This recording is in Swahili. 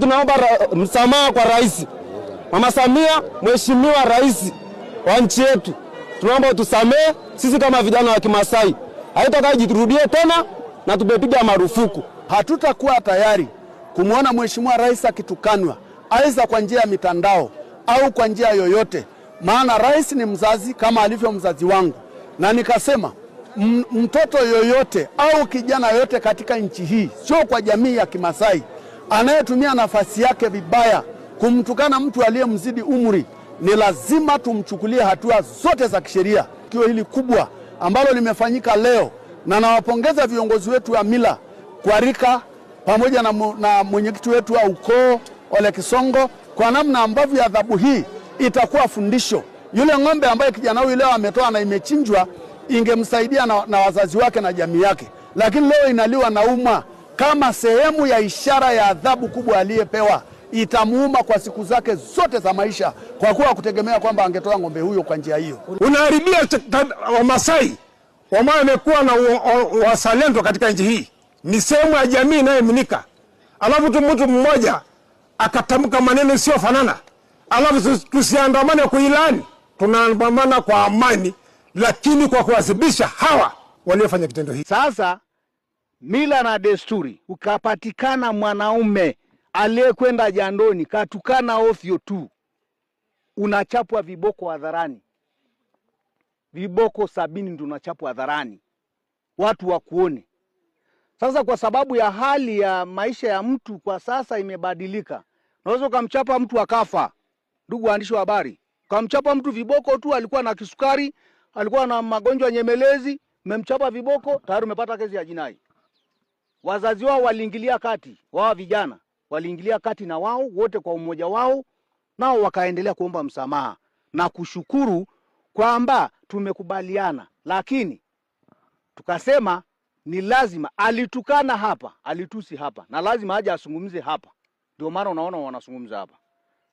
Tunaomba msamaha kwa rais Mama Samia, mheshimiwa rais wa nchi yetu, tunaomba utusamehe sisi kama vijana wa Kimasai, haitakai jiturudie tena na tumepiga marufuku. Hatutakuwa tayari kumwona mheshimiwa rais akitukanwa, aidha kwa njia ya mitandao au kwa njia yoyote, maana rais ni mzazi kama alivyo mzazi wangu, na nikasema mtoto yoyote au kijana yoyote katika nchi hii, sio kwa jamii ya Kimasai Anayetumia nafasi yake vibaya kumtukana mtu aliyemzidi umri, ni lazima tumchukulie hatua zote za kisheria. Tukio hili kubwa ambalo limefanyika leo, na nawapongeza viongozi wetu wa mila kwa rika pamoja na, na mwenyekiti wetu wa ukoo Ole Kisongo kwa namna ambavyo adhabu hii itakuwa fundisho. Yule ng'ombe ambaye kijana huyu leo ametoa na imechinjwa ingemsaidia na, na wazazi wake na jamii yake, lakini leo inaliwa na umma kama sehemu ya ishara ya adhabu kubwa aliyepewa itamuuma kwa siku zake zote za maisha, kwa kuwa kutegemea kwamba angetoa ng'ombe huyo kwa njia hiyo. Unaharibia Wamasai ambao wamekuwa na wasalendo katika nchi hii, ni sehemu ya jamii inayoaminika, alafu tu mtu mmoja akatamka maneno isiyofanana, alafu tusiandamane kuilani. Tunaandamana kwa amani, lakini kwa kuwazibisha hawa waliofanya kitendo hiki sasa mila na desturi, ukapatikana mwanaume aliyekwenda jandoni katukana ofyo tu, unachapwa viboko hadharani. Viboko sabini ndio unachapwa hadharani, watu wakuone. Sasa kwa sababu ya hali ya maisha ya mtu kwa sasa imebadilika, unaweza ukamchapa mtu akafa. Ndugu waandishi wa habari, ukamchapa mtu viboko tu, alikuwa na kisukari, alikuwa na magonjwa nyemelezi, umemchapa viboko tayari umepata kesi ya jinai wazazi wao waliingilia kati, wao vijana waliingilia kati na wao wote kwa umoja wao, nao wakaendelea kuomba msamaha na kushukuru kwamba tumekubaliana, lakini tukasema ni lazima alitukana hapa, alitusi hapa, na lazima aje azungumze hapa. Ndio maana unaona wanazungumza hapa.